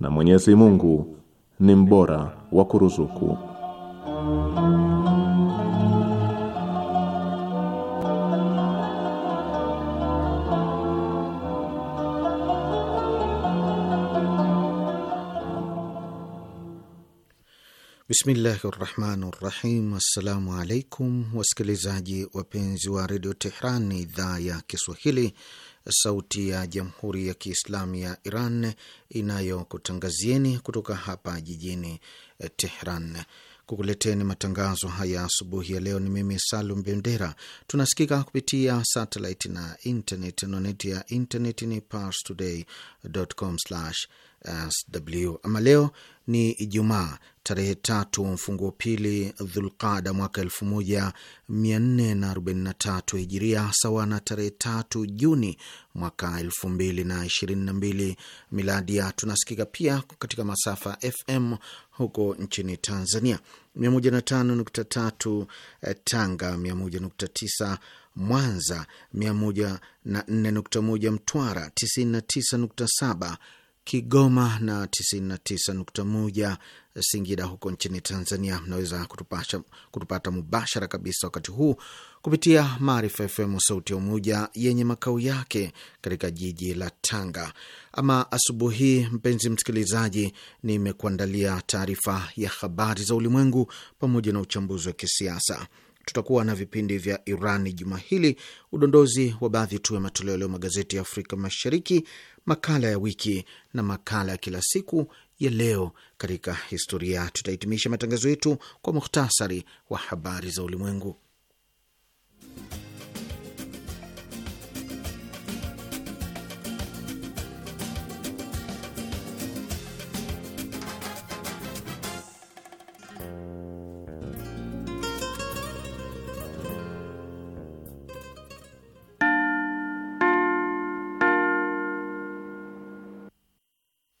na Mwenyezi Mungu ni mbora wa kuruzuku. Bismillahi rahmani rahim. Assalamu alaikum wasikilizaji wapenzi wa redio Tehran, ni idhaa ya Kiswahili Sauti ya Jamhuri ya Kiislamu ya Iran inayokutangazieni kutoka hapa jijini Tehran kukuleteni matangazo haya asubuhi ya leo. Ni mimi Salum Bendera. Tunasikika kupitia satellite na internet. Anoneti ya internet ni parstoday.com/sw. Ama leo ni Ijumaa tarehe tatu mfunguo pili Dhulqada mwaka elfu tatu Hijiria, sawa na tarehe tatu Juni mwaka elfu mbili na na ishirini miladi ya Tunasikika pia katika masafa FM huko nchini Tanzania, na tano nukta tatu eh, Tanga, nukta tisa Mwanza, na nne nukta moja Mtwara, tisini na tisa nukta saba Kigoma na 99.1 Singida huko nchini Tanzania. Mnaweza kutupasha, kutupata mubashara kabisa wakati huu kupitia Maarifa FM sauti ya Umoja yenye makao yake katika jiji la Tanga. Ama asubuhi, mpenzi msikilizaji, nimekuandalia taarifa ya habari za ulimwengu pamoja na uchambuzi wa kisiasa. Tutakuwa na vipindi vya iran juma hili, udondozi wa baadhi tu ya matoleo leo magazeti ya Afrika Mashariki, makala ya wiki na makala ya kila siku ya leo katika historia. Tutahitimisha matangazo yetu kwa muhtasari wa habari za ulimwengu.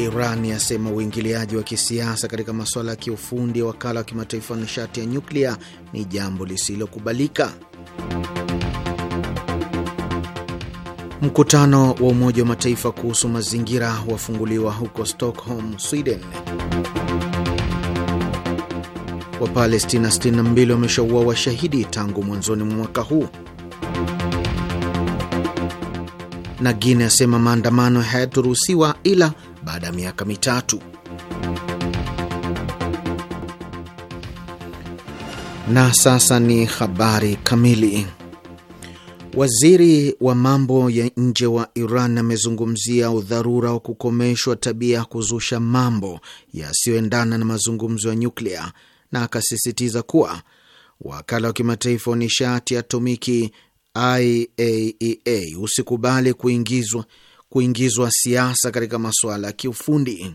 Iran yasema uingiliaji wa kisiasa katika masuala ya kiufundi ya wakala wa kimataifa wa nishati ya nyuklia ni jambo lisilokubalika. Mkutano wa Umoja wa Mataifa kuhusu mazingira wafunguliwa huko Stockholm, Sweden. Wapalestina 62 wameshaua washahidi tangu mwanzoni mwa mwaka huu. Na guine asema maandamano hayaturuhusiwa ila baada ya miaka mitatu. Na sasa ni habari kamili. Waziri wa mambo ya nje wa Iran amezungumzia udharura wa kukomeshwa tabia ya kuzusha mambo yasiyoendana na mazungumzo ya nyuklia na akasisitiza kuwa wakala wa kimataifa wa nishati atomiki IAEA e usikubali kuingizwa kuingizwa siasa katika masuala ya kiufundi.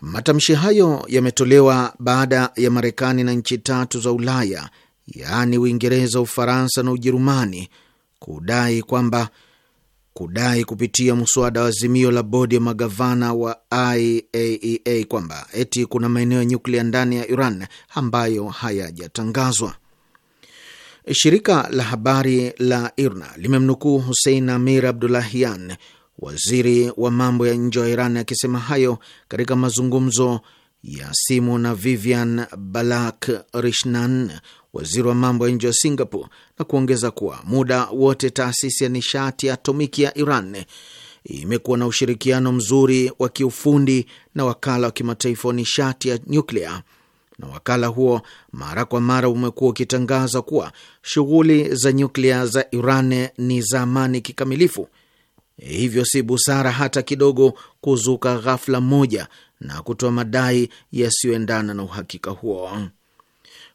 Matamshi hayo yametolewa baada ya Marekani na nchi tatu za Ulaya, yaani Uingereza, Ufaransa na Ujerumani kudai kwamba kudai kupitia mswada wa azimio la bodi ya magavana wa IAEA e kwamba eti kuna maeneo ya nyuklia ndani ya Iran ambayo hayajatangazwa. Shirika la habari la IRNA limemnukuu Hussein Amir Abdulahian, waziri wa mambo ya nje wa Iran, akisema hayo katika mazungumzo ya simu na Vivian Balak Rishnan, waziri wa mambo ya nje wa Singapore, na kuongeza kuwa muda wote taasisi ya nishati ya atomiki ya Iran imekuwa na ushirikiano mzuri wa kiufundi na wakala wa kimataifa wa nishati ya nyuklia na wakala huo mara kwa mara umekuwa ukitangaza kuwa shughuli za nyuklia za Iran ni za amani kikamilifu, hivyo si busara hata kidogo kuzuka ghafla moja na kutoa madai yasiyoendana na uhakika huo.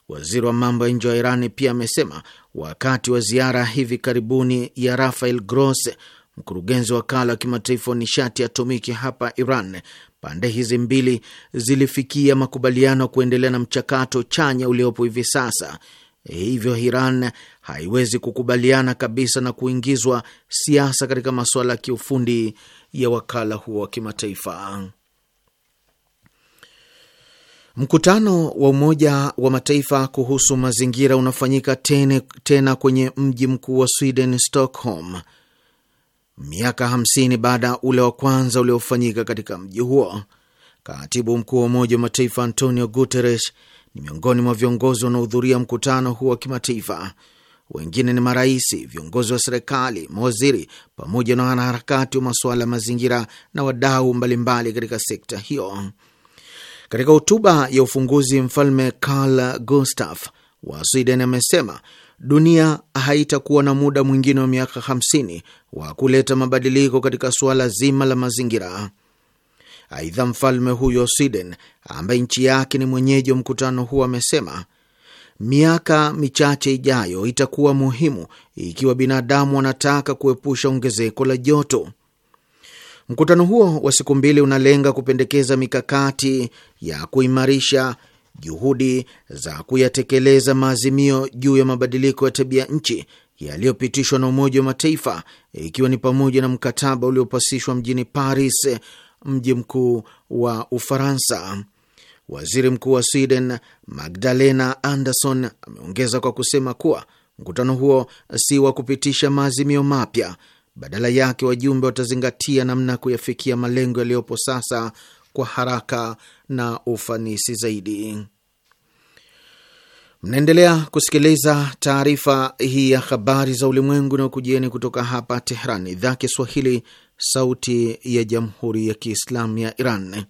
Waziri wa mambo ya nje wa Irani pia amesema wakati wa ziara hivi karibuni ya Rafael Grosse, mkurugenzi wa wakala wa kimataifa wa nishati ya atomiki hapa Iran. Pande hizi mbili zilifikia makubaliano ya kuendelea na mchakato chanya uliopo hivi sasa. Hivyo Iran haiwezi kukubaliana kabisa na kuingizwa siasa katika masuala ya kiufundi ya wakala huo wa kimataifa. Mkutano wa Umoja wa Mataifa kuhusu mazingira unafanyika tena, tena kwenye mji mkuu wa Sweden, Stockholm miaka 50 baada ya ule wa kwanza uliofanyika katika mji huo. Katibu mkuu wa Umoja wa Mataifa Antonio Guterres ni miongoni mwa viongozi wanaohudhuria mkutano huo wa kimataifa. Wengine ni marais, viongozi wa serikali, mawaziri, pamoja na wanaharakati wa masuala ya mazingira na wadau mbalimbali katika sekta hiyo. Katika hotuba ya ufunguzi, mfalme Carl Gustaf wa Sweden amesema dunia haitakuwa na muda mwingine wa miaka 50 wa kuleta mabadiliko katika suala zima la mazingira. Aidha, mfalme huyo Sweden ambaye nchi yake ni mwenyeji wa mkutano huo amesema miaka michache ijayo itakuwa muhimu ikiwa binadamu wanataka kuepusha ongezeko la joto. Mkutano huo wa siku mbili unalenga kupendekeza mikakati ya kuimarisha juhudi za kuyatekeleza maazimio juu ya mabadiliko ya tabia nchi yaliyopitishwa na Umoja wa Mataifa, ikiwa ni pamoja na mkataba uliopasishwa mjini Paris, mji mkuu wa Ufaransa. Waziri Mkuu wa Sweden Magdalena Anderson ameongeza kwa kusema kuwa mkutano huo si wa kupitisha maazimio mapya, badala yake wajumbe watazingatia namna ya kuyafikia malengo yaliyopo sasa kwa haraka na ufanisi zaidi. Mnaendelea kusikiliza taarifa hii ya habari za ulimwengu na ukujieni kutoka hapa Tehran, idhaa Kiswahili, sauti ya jamhuri ya kiislamu ya Iran.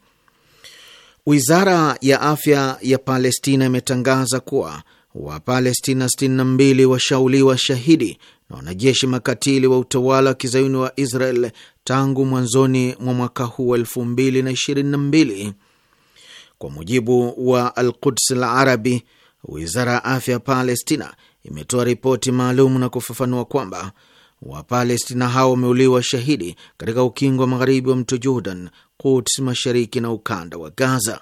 Wizara ya afya ya Palestina imetangaza kuwa Wapalestina 62 washauliwa shahidi na wanajeshi makatili wa utawala wa kizayuni wa Israel tangu mwanzoni mwa mwaka huu wa elfu mbili na ishirini na mbili. Kwa mujibu wa Al Quds Al Arabi, wizara ya afya ya Palestina imetoa ripoti maalum na kufafanua kwamba Wapalestina hao wameuliwa shahidi katika ukingo wa magharibi wa mto Jordan, Quds mashariki na ukanda wa Gaza.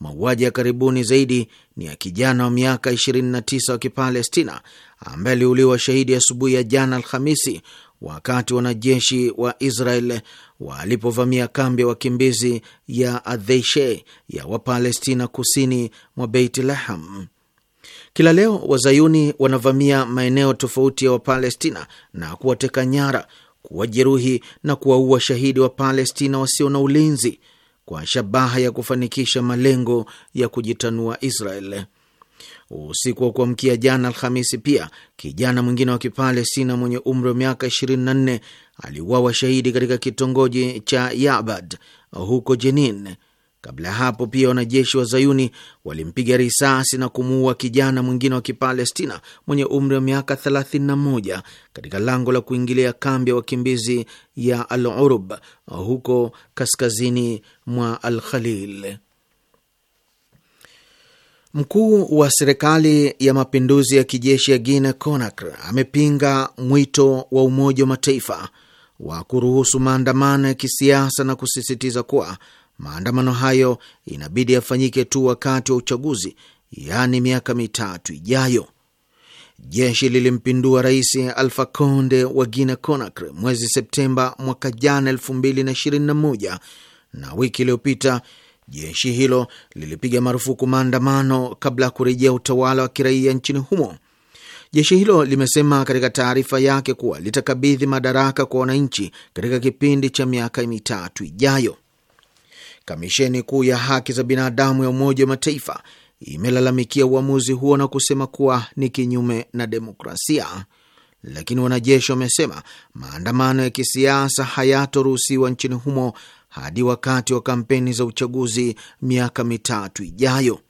Mauaji ya karibuni zaidi ni ya kijana wa miaka 29 wa Kipalestina ambaye aliuliwa shahidi asubuhi ya jana Alhamisi wakati wanajeshi wa Israel walipovamia kambi ya wakimbizi ya Adheishe ya Wapalestina kusini mwa Beit Laham. Kila leo wazayuni wanavamia maeneo tofauti ya Wapalestina na kuwateka nyara, kuwajeruhi na kuwaua shahidi palestina wasio na ulinzi kwa shabaha ya kufanikisha malengo ya kujitanua Israel. Usiku wa kuamkia jana Alhamisi, pia kijana mwingine wa Kipalestina mwenye umri wa miaka 24 aliuawa shahidi katika kitongoji cha Yabad huko Jenin Kabla ya hapo pia wanajeshi wa Zayuni walimpiga risasi na kumuua kijana mwingine wa Kipalestina mwenye umri wa miaka 31 katika lango la kuingilia kambi ya wakimbizi ya Al Urub huko kaskazini mwa Al Khalil. Mkuu wa serikali ya mapinduzi ya kijeshi ya Guine Conakry amepinga mwito wa Umoja wa Mataifa wa kuruhusu maandamano ya kisiasa na kusisitiza kuwa Maandamano hayo inabidi yafanyike tu wakati wa uchaguzi, yaani miaka mitatu ijayo. Jeshi lilimpindua Rais Alfa Conde wa Guinea Conakry mwezi Septemba mwaka jana 221 na wiki iliyopita jeshi hilo lilipiga marufuku maandamano kabla ya kurejea utawala wa kiraia nchini humo. Jeshi hilo limesema katika taarifa yake kuwa litakabidhi madaraka kwa wananchi katika kipindi cha miaka mitatu ijayo. Kamisheni Kuu ya Haki za Binadamu ya Umoja wa Mataifa imelalamikia uamuzi huo na kusema kuwa ni kinyume na demokrasia. Lakini wanajeshi wamesema maandamano ya kisiasa hayatoruhusiwa nchini humo hadi wakati wa kampeni za uchaguzi miaka mitatu ijayo.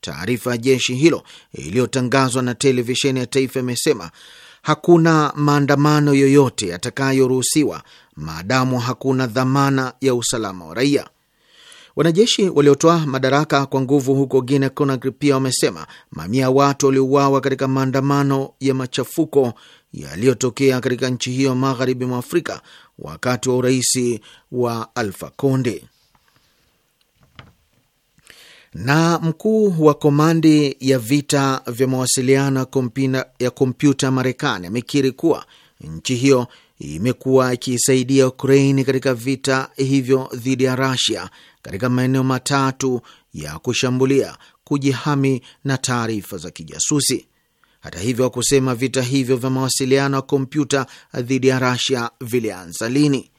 Taarifa ya jeshi hilo iliyotangazwa na televisheni ya taifa imesema hakuna maandamano yoyote yatakayoruhusiwa maadamu hakuna dhamana ya usalama wa raia. Wanajeshi waliotoa madaraka kwa nguvu huko Guine Conakry pia wamesema mamia ya watu waliouawa katika maandamano ya machafuko yaliyotokea katika nchi hiyo magharibi mwa Afrika wakati wa urais wa alfa Conde. Na mkuu wa komandi ya vita vya mawasiliano ya kompyuta Marekani amekiri kuwa nchi hiyo imekuwa ikiisaidia Ukraini katika vita hivyo dhidi ya Rasia katika maeneo matatu ya kushambulia, kujihami na taarifa za kijasusi. Hata hivyo, hakusema vita hivyo vya mawasiliano ya kompyuta dhidi ya Rasia vilianza lini.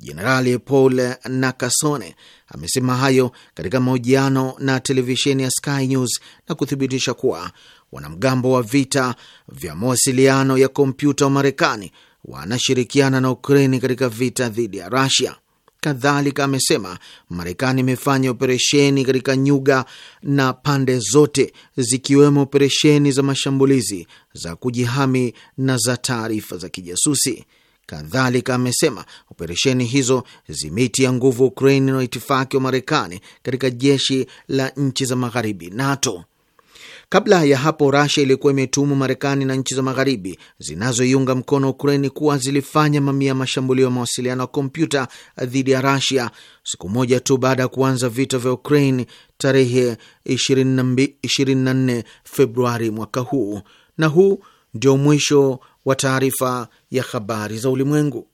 Jenerali Paul Nakasone amesema hayo katika mahojiano na televisheni ya Sky News na kuthibitisha kuwa wanamgambo wa vita vya mawasiliano ya kompyuta wa Marekani wanashirikiana na Ukraini katika vita dhidi ya Rasia. Kadhalika amesema Marekani imefanya operesheni katika nyuga na pande zote, zikiwemo operesheni za mashambulizi, za kujihami na za taarifa za kijasusi. Kadhalika amesema operesheni hizo zimeitia nguvu ukraini na no itifaki wa Marekani katika jeshi la nchi za magharibi NATO. Kabla ya hapo, Rasia ilikuwa imetumwa Marekani na nchi za magharibi zinazoiunga mkono Ukraini kuwa zilifanya mamia ya mashambulio ya mawasiliano ya kompyuta dhidi ya Rasia siku moja tu baada ya kuanza vita vya Ukraini tarehe 24 Februari mwaka huu. Na huu ndio mwisho wa taarifa ya habari za ulimwengu.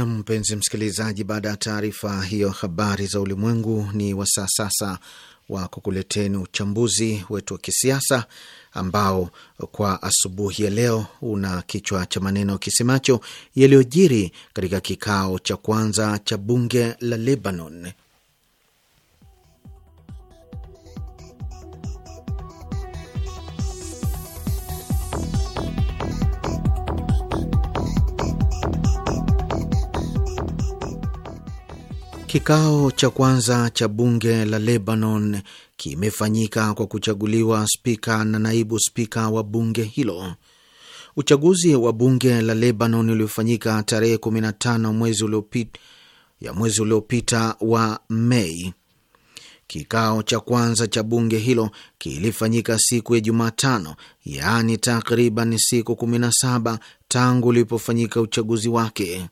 Na mpenzi msikilizaji, baada ya taarifa hiyo habari za ulimwengu, ni wasaa sasa wa kukuleteni uchambuzi wetu wa kisiasa ambao kwa asubuhi ya leo una kichwa cha maneno kisemacho yaliyojiri katika kikao cha kwanza cha bunge la Lebanon. Kikao cha kwanza cha bunge la Lebanon kimefanyika kwa kuchaguliwa spika na naibu spika wa bunge hilo. Uchaguzi wa bunge la Lebanon uliofanyika tarehe 15 mwezi uliopita ya mwezi uliopita wa Mei. Kikao cha kwanza cha bunge hilo kilifanyika siku ya Jumatano, yaani takriban siku 17 tangu ulipofanyika uchaguzi wake.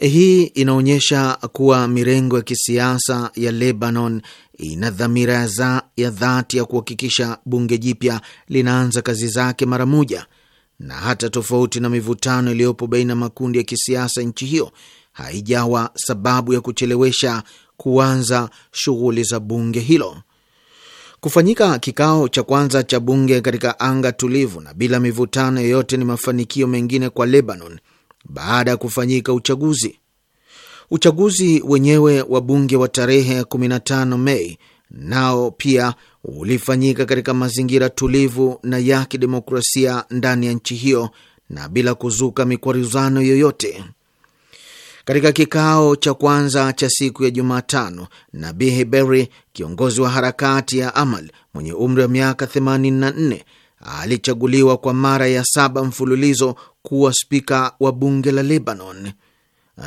Eh, hii inaonyesha kuwa mirengo ya kisiasa ya Lebanon ina dhamira ya dhati ya kuhakikisha bunge jipya linaanza kazi zake mara moja, na hata tofauti na mivutano iliyopo baina ya makundi ya kisiasa nchi hiyo haijawa sababu ya kuchelewesha kuanza shughuli za bunge hilo. Kufanyika kikao cha kwanza cha bunge katika anga tulivu na bila mivutano yoyote ni mafanikio mengine kwa Lebanon baada ya kufanyika uchaguzi. Uchaguzi wenyewe wa bunge wa tarehe 15 Mei nao pia ulifanyika katika mazingira tulivu na ya kidemokrasia ndani ya nchi hiyo na bila kuzuka mikwaruzano yoyote. Katika kikao cha kwanza cha siku ya Jumatano, Nabihi Berri, kiongozi wa harakati ya Amal mwenye umri wa miaka 84, alichaguliwa kwa mara ya saba mfululizo kuwa spika wa bunge la Lebanon.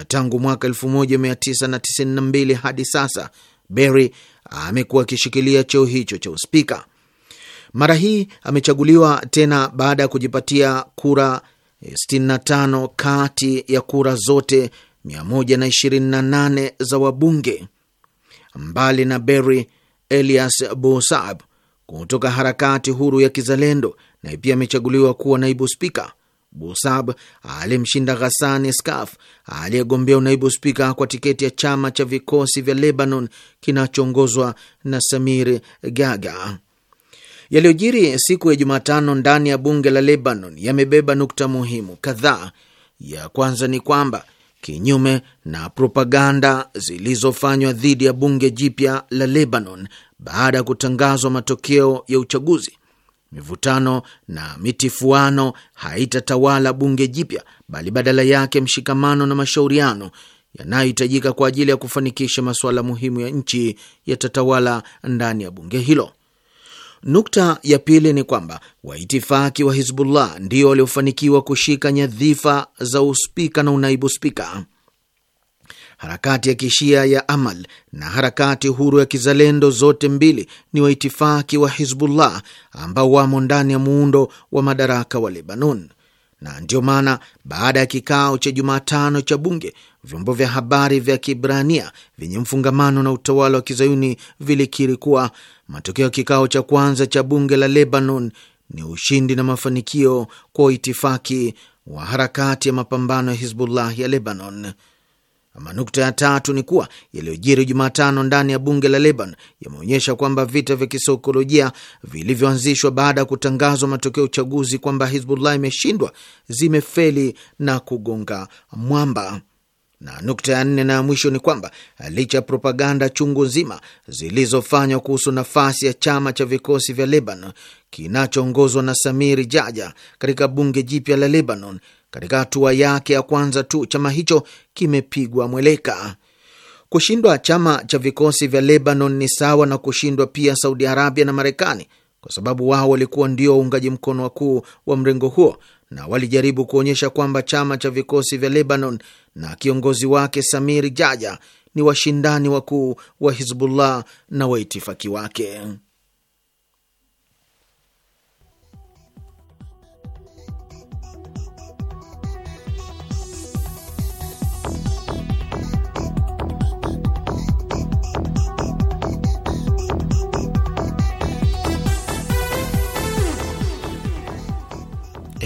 Tangu mwaka 1992 hadi sasa, Berry amekuwa akishikilia cheo hicho cha uspika. Mara hii amechaguliwa tena baada ya kujipatia kura 65 kati ya kura zote 128 za wabunge. Mbali na Berry, Elias Bousab kutoka harakati huru ya Kizalendo, naye pia amechaguliwa kuwa naibu spika. Busab alimshinda Ghasan Skaf aliyegombea unaibu spika kwa tiketi ya chama cha vikosi vya Lebanon kinachoongozwa na Samir Gaga. Yaliyojiri siku ya Jumatano ndani ya bunge la Lebanon yamebeba nukta muhimu kadhaa. Ya kwanza ni kwamba kinyume na propaganda zilizofanywa dhidi ya bunge jipya la Lebanon baada ya kutangazwa matokeo ya uchaguzi, mivutano na mitifuano haitatawala bunge jipya, bali badala yake mshikamano na mashauriano yanayohitajika kwa ajili ya kufanikisha masuala muhimu ya nchi yatatawala ndani ya bunge hilo. Nukta ya pili ni kwamba waitifaki wa Hizbullah ndio waliofanikiwa kushika nyadhifa za uspika na unaibu spika. Harakati ya kishia ya Amal na harakati huru ya kizalendo zote mbili ni waitifaki wa Hizbullah ambao wamo ndani ya muundo wa madaraka wa Lebanon, na ndiyo maana baada ya kikao cha Jumatano cha bunge vyombo vya habari vya Kibrania vyenye mfungamano na utawala wa kizayuni vilikiri kuwa matokeo ya kikao cha kwanza cha bunge la Lebanon ni ushindi na mafanikio kwa waitifaki wa harakati ya mapambano ya Hizbullah ya Lebanon. Ama nukta ya tatu ni kuwa yaliyojiri Jumatano ndani ya bunge la Lebanon yameonyesha kwamba vita vya kisaikolojia vilivyoanzishwa baada ya kutangazwa matokeo ya uchaguzi kwamba Hizbullah imeshindwa zimefeli na kugonga mwamba. Na nukta ya nne na ya mwisho ni kwamba licha ya propaganda chungu nzima zilizofanywa kuhusu nafasi ya chama cha vikosi vya Lebanon kinachoongozwa na Samiri Jaja katika bunge jipya la Lebanon katika hatua yake ya kwanza tu chama hicho kimepigwa mweleka. Kushindwa chama cha vikosi vya Lebanon ni sawa na kushindwa pia Saudi Arabia na Marekani, kwa sababu wao walikuwa ndio waungaji mkono wakuu wa mrengo huo, na walijaribu kuonyesha kwamba chama cha vikosi vya Lebanon na kiongozi wake Samir Jaja ni washindani wakuu wa Hizbullah na waitifaki wake.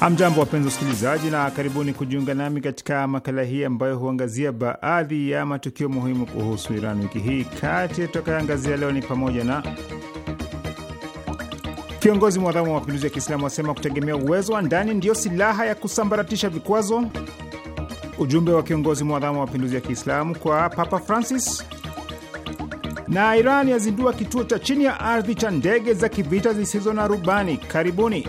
Hamjambo, wapenzi wasikilizaji, na karibuni kujiunga nami katika makala hii ambayo huangazia baadhi ya matukio muhimu kuhusu Iran wiki hii. Kati tutakayoangazia leo ni pamoja na kiongozi mwadhamu wa mapinduzi ya Kiislamu wasema kutegemea uwezo wa ndani ndiyo silaha ya kusambaratisha vikwazo; ujumbe wa kiongozi mwadhamu wa mapinduzi ya Kiislamu kwa Papa Francis na Iran yazindua kituo cha chini ya ardhi cha ndege za kivita zisizo na rubani. Karibuni.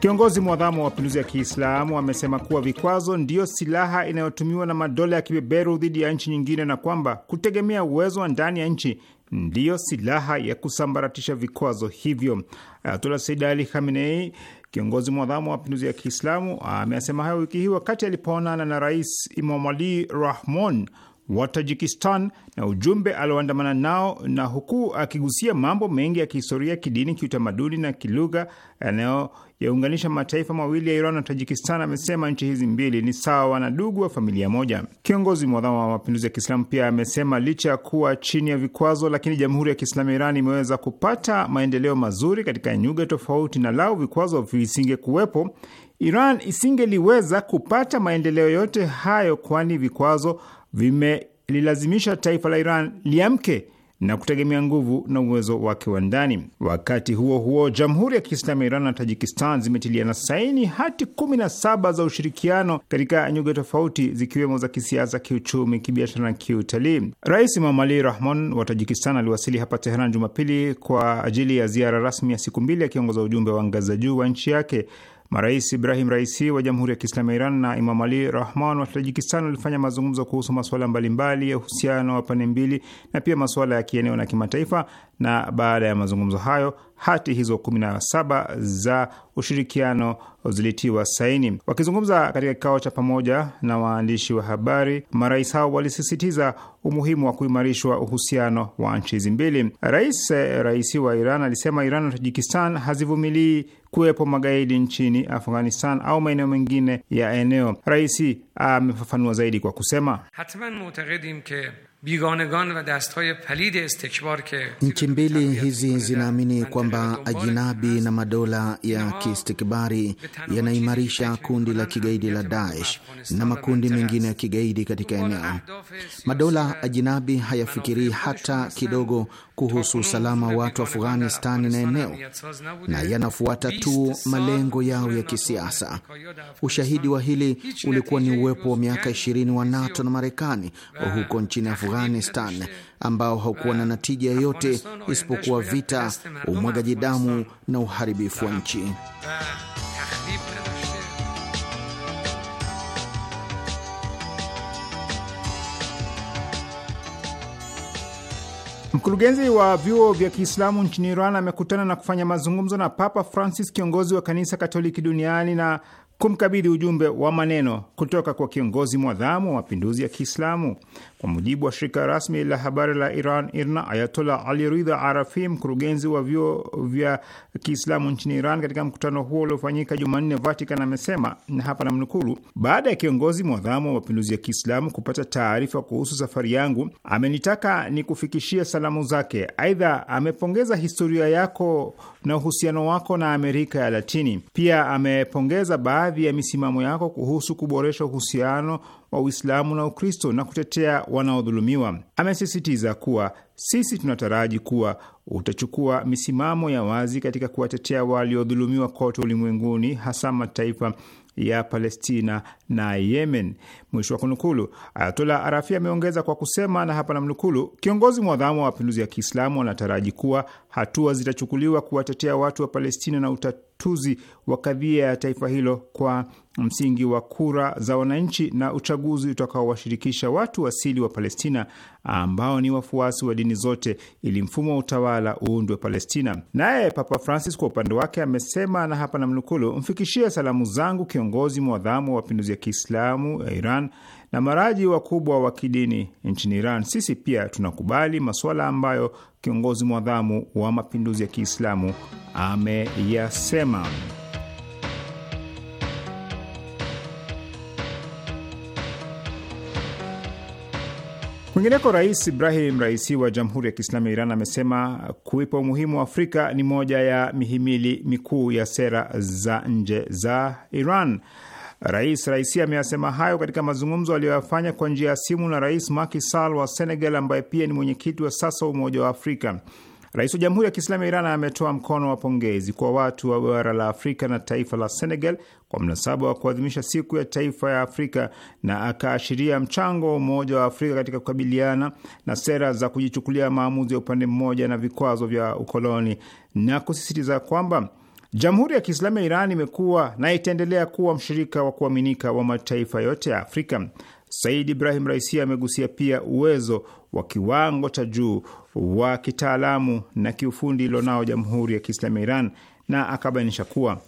Kiongozi mwadhamu wa mapinduzi ya Kiislamu amesema kuwa vikwazo ndiyo silaha inayotumiwa na madola ya kibeberu dhidi ya nchi nyingine na kwamba kutegemea uwezo wa ndani ya nchi ndiyo silaha ya kusambaratisha vikwazo hivyo. Ayatullah Sayyid Ali Khamenei, kiongozi mwadhamu wa mapinduzi ya Kiislamu, ameasema hayo wiki hii wakati alipoonana na Rais imamali Rahmon wa Tajikistan na ujumbe alioandamana nao na huku akigusia mambo mengi ya kihistoria, kidini, kiutamaduni na kilugha yanayo yaunganisha mataifa mawili ya Iran na Tajikistan, amesema nchi hizi mbili ni sawa na ndugu wa familia moja. Kiongozi mwadhamu wa mapinduzi ya Kiislamu pia amesema licha ya kuwa chini ya vikwazo, lakini Jamhuri ya Kiislamu ya Iran imeweza kupata maendeleo mazuri katika nyuga tofauti, na lau vikwazo visingekuwepo, Iran isingeliweza kupata maendeleo yote hayo, kwani vikwazo vimelilazimisha taifa la Iran liamke na kutegemea nguvu na uwezo wake wa ndani. Wakati huo huo, Jamhuri ya Kiislamu ya Iran na Tajikistan zimetiliana saini hati kumi na saba za ushirikiano katika nyuga tofauti zikiwemo za kisiasa, kiuchumi, kibiashara na kiutalii. Rais Mamali Rahmon wa Tajikistan aliwasili hapa Teheran Jumapili kwa ajili ya ziara rasmi ya siku mbili akiongoza ujumbe wa ngazi za juu wa nchi yake. Marais Ibrahim Raisi wa Jamhuri ya Kiislamu ya Iran na Imam Ali Rahman wa Tajikistan walifanya mazungumzo kuhusu masuala mbalimbali ya uhusiano wa pande mbili na pia masuala ya kieneo na kimataifa. Na baada ya mazungumzo hayo, hati hizo saba za ushirikiano zilitiwa saini. Wakizungumza katika kikao cha pamoja na waandishi wa habari, marais hao walisisitiza umuhimu wa kuimarishwa uhusiano wa nchi hizi mbili. Rais eh, Raisi wa Iran alisema Iran na Tajikistan hazivumilii kuwepo magaidi nchini Afghanistan au maeneo mengine ya eneo. Raisi amefafanua zaidi kwa kusema hatman ke Nchi mbili hizi zinaamini kwamba ajinabi na madola ya kiistikbari yanaimarisha kundi la kigaidi la Daesh na makundi mengine ya kigaidi katika eneo. Madola ajinabi hayafikirii hata kidogo kuhusu usalama wa watu Afghanistani na eneo, na yanafuata tu malengo yao ya kisiasa. Ushahidi wa hili ulikuwa ni uwepo wa miaka 20 wa NATO na Marekani huko nchini Afghanistan Afghanistan ambao haukuwa na natija yoyote isipokuwa vita, umwagaji damu na uharibifu wa nchi. Mkurugenzi wa vyuo vya Kiislamu nchini Iran amekutana na kufanya mazungumzo na Papa Francis, kiongozi wa kanisa Katoliki duniani, na kumkabidhi ujumbe wa maneno kutoka kwa kiongozi mwadhamu wa mapinduzi ya Kiislamu. Kwa mujibu wa shirika rasmi la habari la Iran IRNA, Ayatola Ali Ridha Arafi, mkurugenzi wa vyuo vya Kiislamu nchini Iran, katika mkutano huo uliofanyika Jumanne Vatican, amesema na hapa namnukuru: baada ya kiongozi mwadhamu wa mapinduzi ya Kiislamu kupata taarifa kuhusu safari yangu, amenitaka ni kufikishia salamu zake. Aidha, amepongeza historia yako na uhusiano wako na Amerika ya Latini. Pia amepongeza baadhi baadhi ya misimamo yako kuhusu kuboresha uhusiano wa Uislamu na Ukristo na kutetea wanaodhulumiwa. Amesisitiza kuwa sisi tunataraji kuwa utachukua misimamo ya wazi katika kuwatetea waliodhulumiwa kote ulimwenguni, hasa mataifa ya Palestina na Yemen. Mwisho wa kunukulu. Ayatola Arafi ameongeza kwa kusema, na hapa namnukulu: kiongozi mwadhamu wa mapinduzi ya Kiislamu anataraji kuwa hatua zitachukuliwa kuwatetea watu wa Palestina na utatuzi wa kadhia ya taifa hilo kwa msingi wa kura za wananchi na uchaguzi utakaowashirikisha watu asili wa Palestina ambao ni wafuasi wa dini zote ili mfumo wa utawala uundwe Palestina. Naye Papa Francis kwa upande wake amesema, na hapa namnukulu: mfikishie salamu zangu kiongozi mwadhamu wa mapinduzi ya Kiislamu ya Iran Iran na maraji wakubwa wa kidini nchini Iran, sisi pia tunakubali masuala ambayo kiongozi mwadhamu wa mapinduzi ya Kiislamu ameyasema. Kwingineko, Rais Ibrahim Raisi wa Jamhuri ya Kiislamu ya Iran amesema kuipa umuhimu wa Afrika ni moja ya mihimili mikuu ya sera za nje za Iran. Rais Raisi ameyasema hayo katika mazungumzo aliyoyafanya kwa njia ya simu na Rais Macky Sall wa Senegal, ambaye pia ni mwenyekiti wa sasa wa Umoja wa Afrika. Rais wa Jamhuri ya Kiislamu ya Iran ametoa mkono wa pongezi kwa watu wa bara la Afrika na taifa la Senegal kwa mnasaba wa kuadhimisha siku ya taifa ya Afrika na akaashiria mchango wa Umoja wa Afrika katika kukabiliana na sera za kujichukulia maamuzi ya upande mmoja na vikwazo vya ukoloni na kusisitiza kwamba Jamhuri ya Kiislamu ya Iran imekuwa na itaendelea kuwa mshirika wa kuaminika wa mataifa yote ya Afrika. Said Ibrahim Raisi amegusia pia uwezo wa kiwango cha juu wa kitaalamu na kiufundi ilionao Jamhuri ya Kiislamu ya Iran na akabainisha kuwa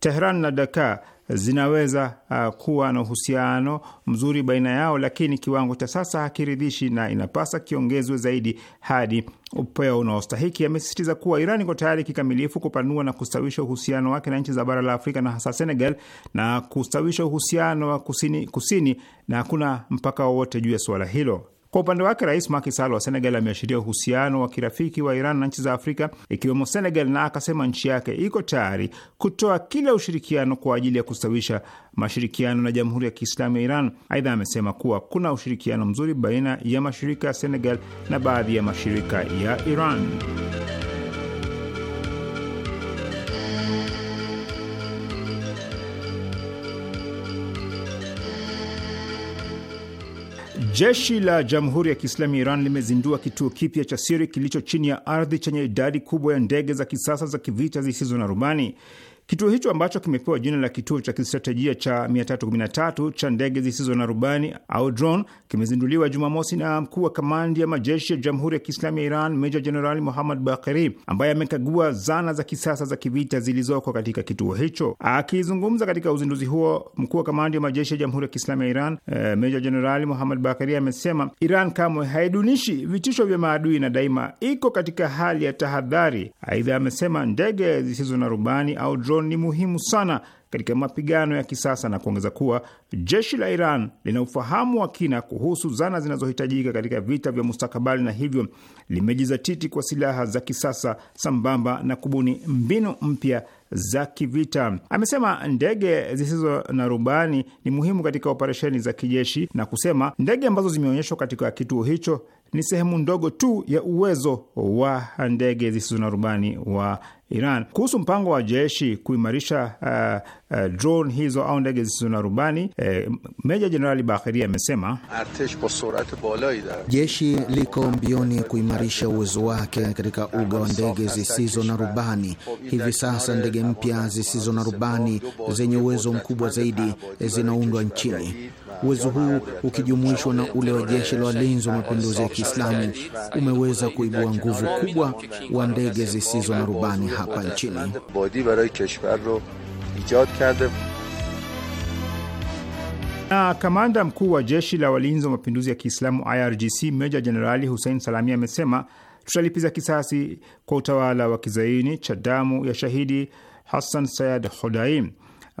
Tehran na Dakar zinaweza uh, kuwa na uhusiano mzuri baina yao, lakini kiwango cha sasa hakiridhishi na inapasa kiongezwe zaidi hadi upeo unaostahiki. Amesisitiza kuwa Iran iko tayari kikamilifu kupanua na kustawisha uhusiano wake na nchi za bara la Afrika na hasa Senegal na kustawisha uhusiano wa kusini kusini, na hakuna mpaka wowote juu ya suala hilo. Kwa upande wake Rais Macky Sall wa Senegal ameashiria uhusiano wa kirafiki wa Iran na nchi za Afrika ikiwemo Senegal, na akasema nchi yake iko tayari kutoa kila ushirikiano kwa ajili ya kustawisha mashirikiano na Jamhuri ya Kiislamu ya Iran. Aidha, amesema kuwa kuna ushirikiano mzuri baina ya mashirika ya Senegal na baadhi ya mashirika ya Iran. Jeshi la Jamhuri ya Kiislamu ya Iran limezindua kituo kipya cha siri kilicho chini ya ardhi chenye idadi kubwa ya ndege za kisasa za kivita zisizo na rubani. Kituo hicho ambacho kimepewa jina la kituo cha kistratejia cha 313 cha ndege zisizo na rubani au drone kimezinduliwa Jumamosi na mkuu wa kamandi ya majeshi ya Jamhuri ya Kiislamu ya Iran Meja Jenerali Muhammad Bakeri ambaye amekagua zana za kisasa za kivita zilizoko katika kituo hicho. Akizungumza katika uzinduzi huo, mkuu wa kamandi ya majeshi ya Jamhuri ya Kiislamu ya Iran e, eh, Meja Jenerali Muhammad Bakeri amesema Iran kamwe haidunishi vitisho vya maadui na daima iko katika hali ya tahadhari. Aidha amesema ndege zisizo na rubani au drone ni muhimu sana katika mapigano ya kisasa na kuongeza kuwa jeshi la Iran lina ufahamu wa kina kuhusu zana zinazohitajika katika vita vya mustakabali na hivyo limejizatiti kwa silaha za kisasa sambamba na kubuni mbinu mpya za kivita. Amesema ndege zisizo na rubani ni muhimu katika operesheni za kijeshi na kusema ndege ambazo zimeonyeshwa katika kituo hicho ni sehemu ndogo tu ya uwezo wa ndege zisizo na rubani wa Iran. Kuhusu mpango wa jeshi kuimarisha uh, uh, drone hizo au ndege zisizo na rubani uh, eh, Meja Jenerali Bakheri amesema jeshi liko mbioni kuimarisha uwezo wake katika uga wa ndege zisizo na rubani. Hivi sasa ndege mpya zisizo na rubani zenye uwezo mkubwa zaidi zinaundwa nchini. Uwezo huu ukijumuishwa na ule wa jeshi la walinzi wa mapinduzi ya Kiislamu umeweza kuibua nguvu kubwa wa ndege zisizo na rubani hapa nchini. Na kamanda mkuu wa jeshi la walinzi wa mapinduzi ya Kiislamu IRGC meja jenerali Hussein Salami amesema tutalipiza kisasi kwa utawala wa kizaini cha damu ya shahidi Hassan Sayad Hodaim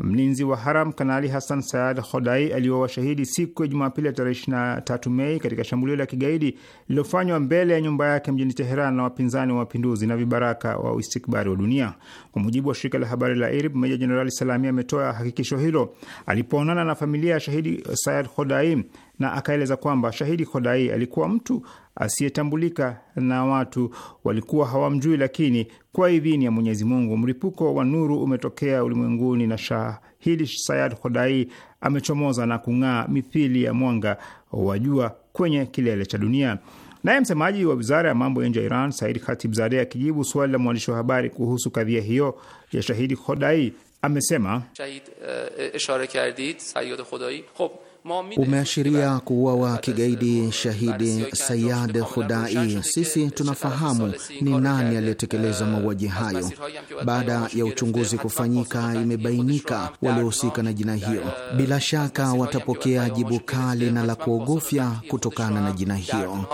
mlinzi wa haram Kanali Hassan Sayad Khodai aliowashahidi siku ya Jumapili ya tarehe 23 Mei katika shambulio la kigaidi lililofanywa mbele ya nyumba yake mjini Teheran na wapinzani wa mapinduzi na vibaraka wa uistikbari wa dunia. Kwa mujibu wa shirika la habari la IRIB, Meja Jenerali Salami ametoa hakikisho hilo alipoonana na familia ya shahidi Sayad Khodai na akaeleza kwamba shahidi Khodai alikuwa mtu asiyetambulika na watu walikuwa hawamjui, lakini kwa idhini ya Mwenyezi Mungu mlipuko wa nuru umetokea ulimwenguni na shahidi Sayad Khodai amechomoza na kung'aa mithili ya mwanga wa jua kwenye kilele cha dunia. Naye msemaji wa wizara ya mambo ya nje ya Iran Said Khatibzadeh akijibu swali la mwandishi wa habari kuhusu kadhia hiyo ya shahidi Khodai amesema shahid, uh, ishara kardid, Khodai umeashiria kuuawa kigaidi shahidi Sayad Khudai. Sisi tunafahamu ni nani aliyetekeleza eh, mauaji hayo. Baada ya uchunguzi kufanyika, imebainika waliohusika na jina hiyo. Bila shaka watapokea jibu kali na la kuogofya kutokana na jina hiyo.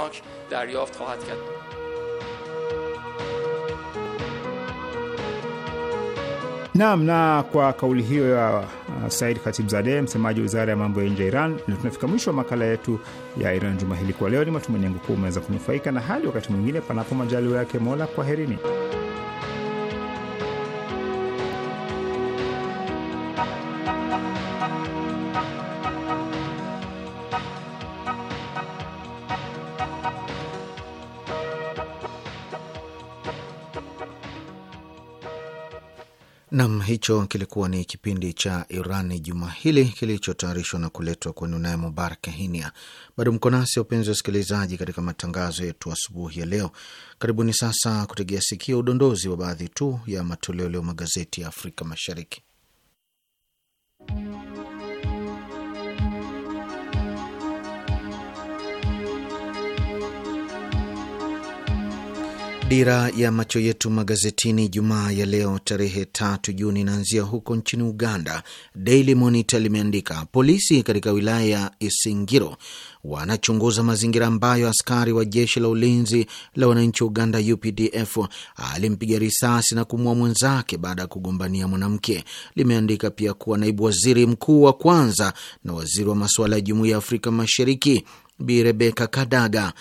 Naam, na kwa kauli hiyo ya said uh, Said Khatibzadeh, msemaji wa wizara ya mambo ya nje ya Iran, ndio tunafika mwisho wa makala yetu ya Iran juma hili kwa leo. Ni matumaini yangu kuwa umeweza kunufaika na hali. Wakati mwingine, panapo majaliwa yake Mola, kwaherini. Nam, hicho kilikuwa ni kipindi cha Iran juma hili kilichotayarishwa na kuletwa kwenu naye Mubarak Hinia. Bado mko nasi wapenzi wa usikilizaji katika matangazo yetu asubuhi ya leo. Karibuni sasa kutegea sikio udondozi wa baadhi tu ya matoleo leo magazeti ya Afrika Mashariki. Dira ya macho yetu magazetini Jumaa ya leo tarehe tatu Juni inaanzia huko nchini Uganda. Daily Monitor limeandika polisi katika wilaya ya Isingiro wanachunguza mazingira ambayo askari wa jeshi la ulinzi la wananchi wa Uganda UPDF alimpiga risasi na kumua mwenzake baada ya kugombania mwanamke. Limeandika pia kuwa naibu waziri mkuu wa kwanza na waziri wa masuala ya jumuiya ya Afrika Mashariki Bi Rebeka Kadaga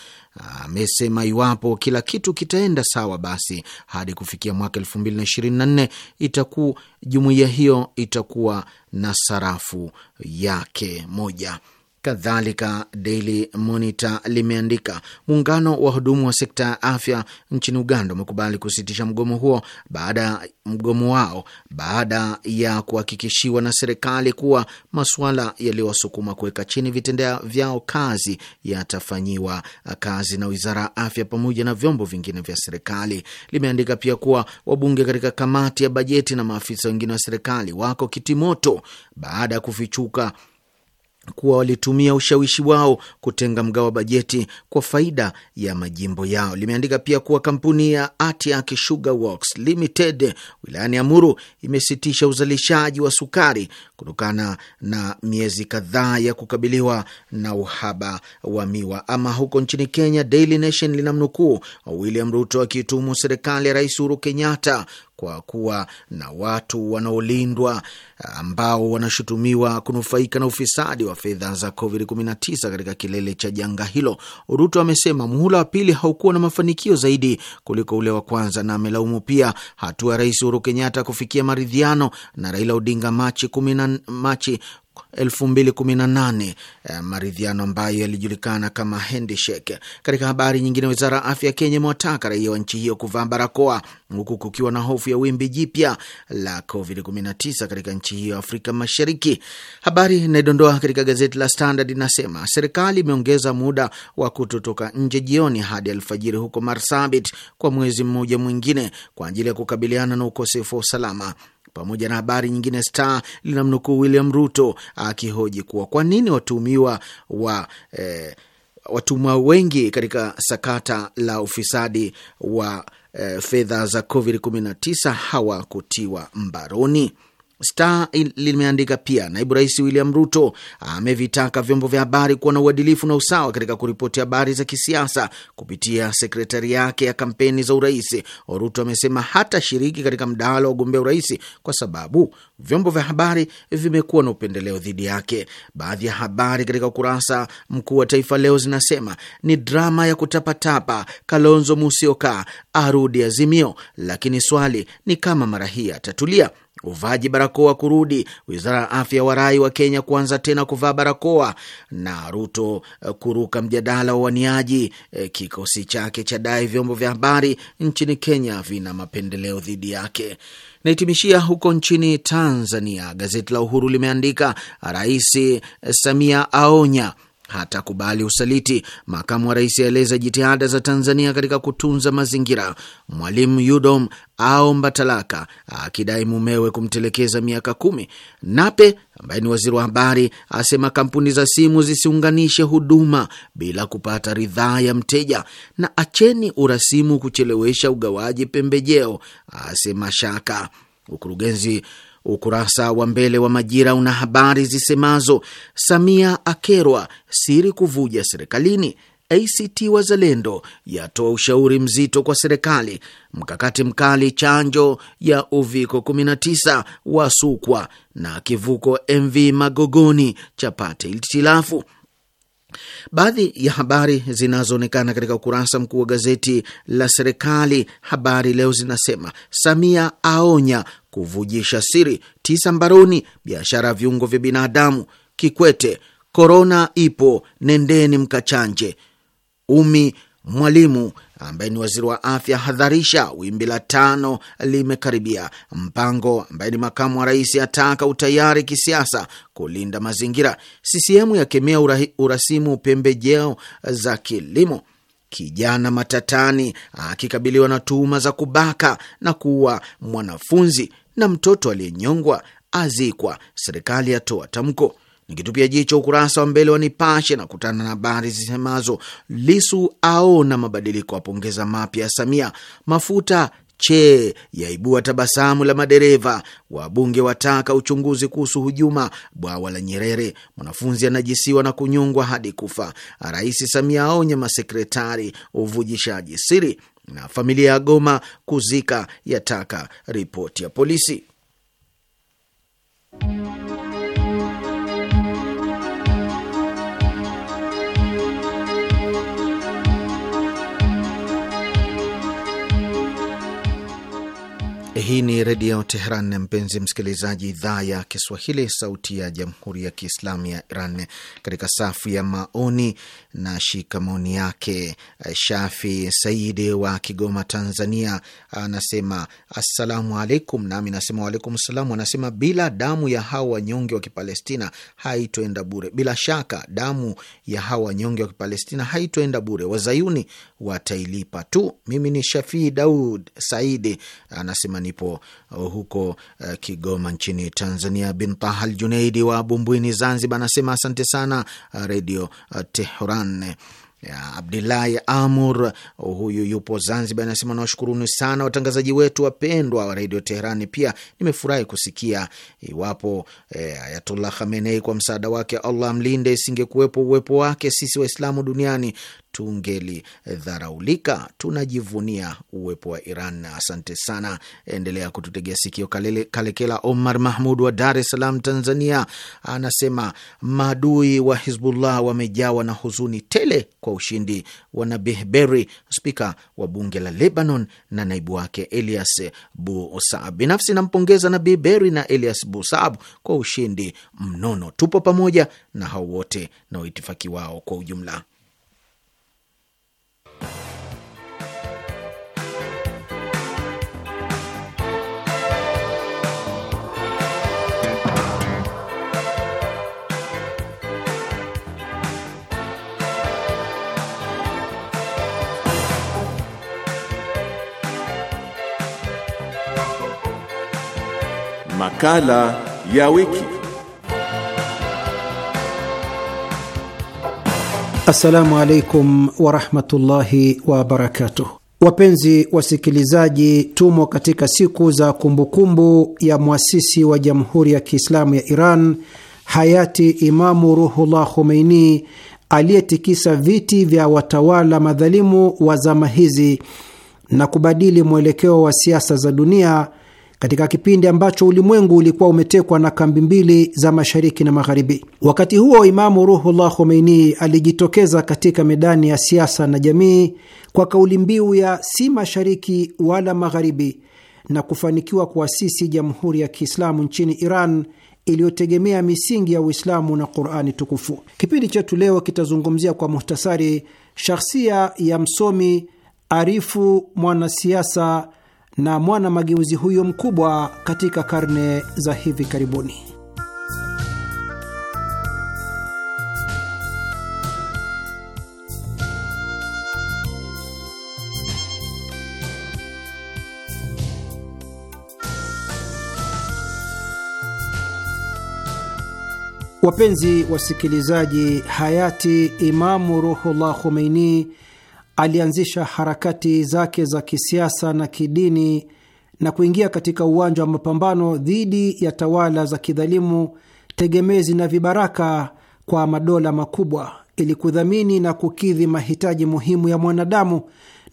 amesema iwapo kila kitu kitaenda sawa, basi hadi kufikia mwaka elfu mbili na ishirini na nne itakuwa jumuiya hiyo itakuwa na sarafu yake moja. Kadhalika, Daily Monitor limeandika muungano wa hudumu wa sekta ya afya nchini Uganda umekubali kusitisha mgomo huo baada mgomo wao baada ya kuhakikishiwa na serikali kuwa masuala yaliyowasukuma kuweka chini vitendea vyao kazi yatafanyiwa kazi na wizara ya afya pamoja na vyombo vingine vya serikali. Limeandika pia kuwa wabunge katika kamati ya bajeti na maafisa wengine wa serikali wako kitimoto baada ya kufichuka kuwa walitumia ushawishi wao kutenga mgao wa bajeti kwa faida ya majimbo yao. Limeandika pia kuwa kampuni ya Atiak Sugar Works Limited wilayani Amuru imesitisha uzalishaji wa sukari kutokana na miezi kadhaa ya kukabiliwa na uhaba wa miwa. Ama huko nchini Kenya, Daily Nation linamnukuu William Ruto akiituhumu serikali ya Rais Uhuru Kenyatta kwa kuwa na watu wanaolindwa ambao wanashutumiwa kunufaika na ufisadi wa fedha za COVID-19 katika kilele cha janga hilo. Ruto amesema muhula wa pili haukuwa na mafanikio zaidi kuliko ule wa kwanza, na amelaumu pia hatua ya Rais Uhuru Kenyatta kufikia maridhiano na Raila Odinga Machi kumi na Machi elfu eh, maridhiano ambayo yalijulikana kama handshake. Katika habari nyingine, wizara ya afya ya Kenya imewataka raia wa nchi hiyo kuvaa barakoa huku kukiwa na hofu ya wimbi jipya la COVID-19 katika nchi hiyo ya Afrika Mashariki. Habari inayodondoa katika gazeti la Standard inasema serikali imeongeza muda wa kutotoka nje jioni hadi alfajiri huko Marsabit kwa mwezi mmoja mwingine kwa ajili ya kukabiliana na ukosefu wa usalama pamoja na habari nyingine. Star linamnukuu William Ruto akihoji kuwa kwa nini watuhumiwa wa eh, watumwa wengi katika sakata la ufisadi wa eh, fedha za COVID-19 hawakutiwa mbaroni. Star limeandika pia, naibu rais William Ruto amevitaka vyombo vya habari kuwa na uadilifu na usawa katika kuripoti habari za kisiasa kupitia sekretari yake ya kampeni za urais. Ruto amesema hata shiriki katika mdahalo wa ugombea urais kwa sababu vyombo vya habari vimekuwa na upendeleo dhidi yake. Baadhi ya habari katika ukurasa mkuu wa Taifa Leo zinasema ni drama ya kutapatapa, Kalonzo Musyoka arudi Azimio, lakini swali ni kama mara hii atatulia uvaji barakoa kurudi, wizara ya afya warai wa Kenya kuanza tena kuvaa barakoa, na Ruto eh, kuruka mjadala wa waniaji, eh, kikosi chake cha dai vyombo vya habari nchini Kenya vina mapendeleo dhidi yake. Nahitimishia huko nchini Tanzania, gazeti la Uhuru limeandika Rais eh, Samia aonya hatakubali usaliti. Makamu wa rais aeleza jitihada za Tanzania katika kutunza mazingira. Mwalimu Yudom aomba talaka akidai mumewe kumtelekeza miaka kumi. Nape ambaye ni waziri wa habari asema kampuni za simu zisiunganishe huduma bila kupata ridhaa ya mteja, na acheni urasimu kuchelewesha ugawaji pembejeo, asema Shaka. Ukurugenzi Ukurasa wa mbele wa Majira una habari zisemazo: Samia akerwa siri kuvuja serikalini, ACT Wazalendo yatoa ushauri mzito kwa serikali, mkakati mkali chanjo ya uviko 19 wasukwa, na kivuko MV Magogoni chapate itilafu. Baadhi ya habari zinazoonekana katika ukurasa mkuu wa gazeti la serikali Habari Leo zinasema Samia aonya kuvujisha siri, tisa mbaroni, biashara ya viungo vya binadamu, Kikwete, korona ipo, nendeni mkachanje. Umi Mwalimu ambaye ni waziri wa afya hadharisha wimbi la tano limekaribia. Mpango ambaye ni makamu wa rais ataka utayari kisiasa kulinda mazingira. CCM yakemea urasimu pembejeo za kilimo. Kijana matatani akikabiliwa na tuhuma za kubaka na kuua mwanafunzi na mtoto aliyenyongwa azikwa, serikali yatoa tamko. Nikitupia jicho ukurasa wa mbele wa Nipashe na kutana na habari zisemazo Lisu aona mabadiliko, apongeza mapya ya Samia, mafuta che yaibua tabasamu la madereva. Wabunge wataka uchunguzi kuhusu hujuma bwawa la Nyerere. Mwanafunzi anajisiwa na kunyongwa hadi kufa. Rais Samia aonya masekretari uvujishaji siri, na familia ya Goma kuzika yataka ripoti ya polisi. Hii ni Redio Teheran, mpenzi msikilizaji, idhaa ya Kiswahili, sauti ya jamhuri ya kiislamu ya Iran. Katika safu ya maoni na shika maoni yake, Shafi Saidi wa Kigoma, Tanzania, anasema assalamu alaikum. Nami nasema waalaikum salam. Anasema bila damu ya hawa wanyonge wa Kipalestina haitoenda bure. Bila shaka damu ya hawa wanyonge wa Kipalestina haitoenda bure, wazayuni watailipa tu. Mimi ni Shafii Daud Saidi anasema nipo uh, huko uh, Kigoma nchini Tanzania. Bin Tahal Junaidi Juneidi wa Bumbwini, Zanzibar, anasema asante sana uh, Redio Tehran. abdillahi Amur huyu yupo Zanzibar, anasema nawashukuruni sana watangazaji wetu wapendwa wa redio Teherani. Pia nimefurahi kusikia iwapo eh, Ayatullah Khamenei kwa msaada wake Allah mlinde, isingekuwepo uwepo wake sisi Waislamu duniani tungelidharaulika. Tunajivunia uwepo wa Iran. Asante sana, endelea kututegea sikio. Kalele, Kalekela Omar Mahmud wa Dar es Salaam, Tanzania, anasema maadui wa Hizbullah wamejawa na huzuni tele kwa ushindi wa Nabih Berri, spika wa bunge la Lebanon, na naibu wake Elias Busaab. Binafsi nampongeza Nabih Berri na Elias Busaab kwa ushindi mnono. Tupo pamoja na hao wote na waitifaki wao kwa ujumla. Makala ya wiki. Assalamu alaikum warahmatullahi wabarakatuh. Wapenzi wasikilizaji, tumo katika siku za kumbukumbu kumbu ya mwasisi wa Jamhuri ya Kiislamu ya Iran, hayati Imamu Ruhullah Khomeini aliyetikisa viti vya watawala madhalimu wa zama hizi na kubadili mwelekeo wa siasa za dunia katika kipindi ambacho ulimwengu ulikuwa umetekwa na kambi mbili za mashariki na magharibi. Wakati huo, Imamu Ruhullah Khomeini alijitokeza katika medani ya siasa na jamii kwa kauli mbiu ya si mashariki wala magharibi na kufanikiwa kuasisi Jamhuri ya Kiislamu nchini Iran iliyotegemea misingi ya Uislamu na Qurani Tukufu. Kipindi chetu leo kitazungumzia kwa muhtasari shahsia ya msomi arifu, mwanasiasa na mwana mageuzi huyo mkubwa katika karne za hivi karibuni. Wapenzi wasikilizaji, hayati Imamu Ruhullah Khomeini alianzisha harakati zake za kisiasa na kidini na kuingia katika uwanja wa mapambano dhidi ya tawala za kidhalimu tegemezi na vibaraka kwa madola makubwa ili kudhamini na kukidhi mahitaji muhimu ya mwanadamu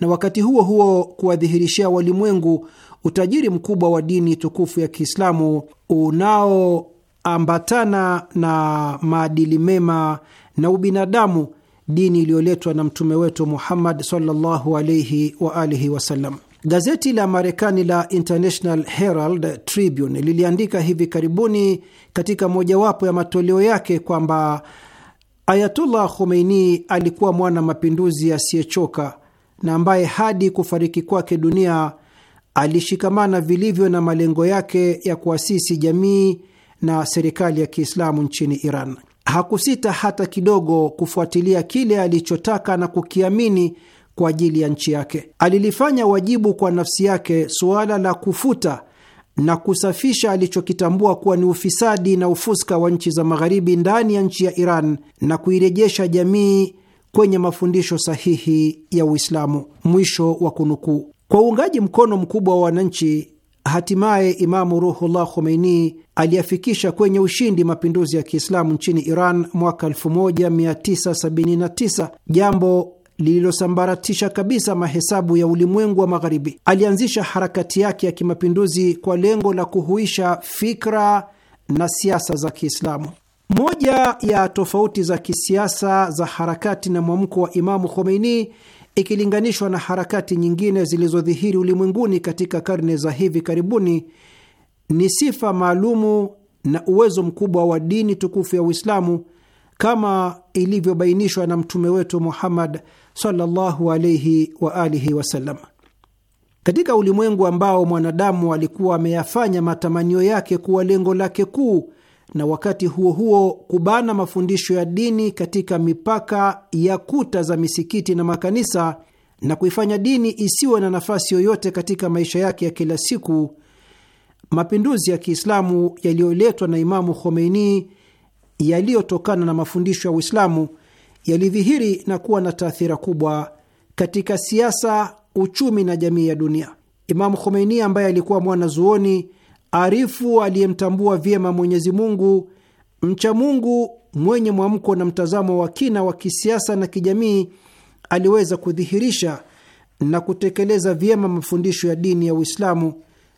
na wakati huo huo kuwadhihirishia walimwengu utajiri mkubwa wa dini tukufu ya Kiislamu unaoambatana na maadili mema na ubinadamu dini iliyoletwa na mtume wetu Muhammad sallallahu alaihi wa alihi wasallam. Gazeti la Marekani la International Herald Tribune liliandika hivi karibuni katika mojawapo ya matoleo yake kwamba Ayatullah Khomeini alikuwa mwana mapinduzi asiyechoka na ambaye hadi kufariki kwake dunia alishikamana vilivyo na malengo yake ya kuasisi jamii na serikali ya Kiislamu nchini Iran hakusita hata kidogo kufuatilia kile alichotaka na kukiamini kwa ajili ya nchi yake. Alilifanya wajibu kwa nafsi yake suala la kufuta na kusafisha alichokitambua kuwa ni ufisadi na ufuska wa nchi za magharibi ndani ya nchi ya Iran na kuirejesha jamii kwenye mafundisho sahihi ya Uislamu. Mwisho wa kunukuu. Kwa uungaji mkono mkubwa wa wananchi, hatimaye Imamu Ruhullah Khomeini aliyafikisha kwenye ushindi mapinduzi ya Kiislamu nchini Iran mwaka 1979, jambo lililosambaratisha kabisa mahesabu ya ulimwengu wa Magharibi. Alianzisha harakati yake ya kimapinduzi kwa lengo la kuhuisha fikra na siasa za Kiislamu. Moja ya tofauti za kisiasa za harakati na mwamko wa Imamu Khomeini ikilinganishwa na harakati nyingine zilizodhihiri ulimwenguni katika karne za hivi karibuni, ni sifa maalumu na uwezo mkubwa wa dini tukufu ya Uislamu kama ilivyobainishwa na mtume wetu Muhammad sallallahu wa alihi wasallam. Katika ulimwengu ambao mwanadamu alikuwa ameyafanya matamanio yake kuwa lengo lake kuu na wakati huo huo kubana mafundisho ya dini katika mipaka ya kuta za misikiti na makanisa na kuifanya dini isiwe na nafasi yoyote katika maisha yake ya kila siku. Mapinduzi ya Kiislamu yaliyoletwa na Imamu Khomeini yaliyotokana na mafundisho ya Uislamu yalidhihiri na kuwa na taathira kubwa katika siasa, uchumi na jamii ya dunia. Imamu Khomeini ambaye alikuwa mwanazuoni arifu aliyemtambua vyema Mwenyezi Mungu, mcha Mungu mwenye mwamko na mtazamo wa kina wa kisiasa na kijamii, aliweza kudhihirisha na kutekeleza vyema mafundisho ya dini ya Uislamu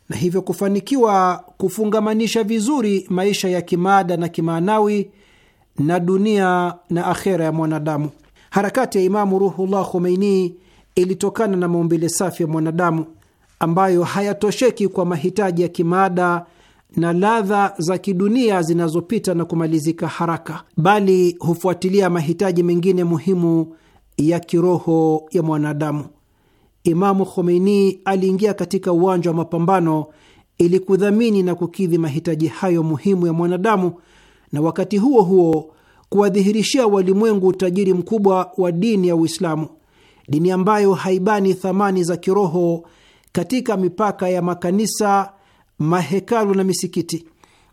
na hivyo kufanikiwa kufungamanisha vizuri maisha ya kimaada na kimaanawi na dunia na akhera ya mwanadamu. Harakati ya Imamu Ruhullah Khomeini ilitokana na maumbile safi ya mwanadamu ambayo hayatosheki kwa mahitaji ya kimaada na ladha za kidunia zinazopita na kumalizika haraka, bali hufuatilia mahitaji mengine muhimu ya kiroho ya mwanadamu. Imamu Khomeini aliingia katika uwanja wa mapambano ili kudhamini na kukidhi mahitaji hayo muhimu ya mwanadamu, na wakati huo huo kuwadhihirishia walimwengu utajiri mkubwa wa dini ya Uislamu, dini ambayo haibani thamani za kiroho katika mipaka ya makanisa, mahekalu na misikiti,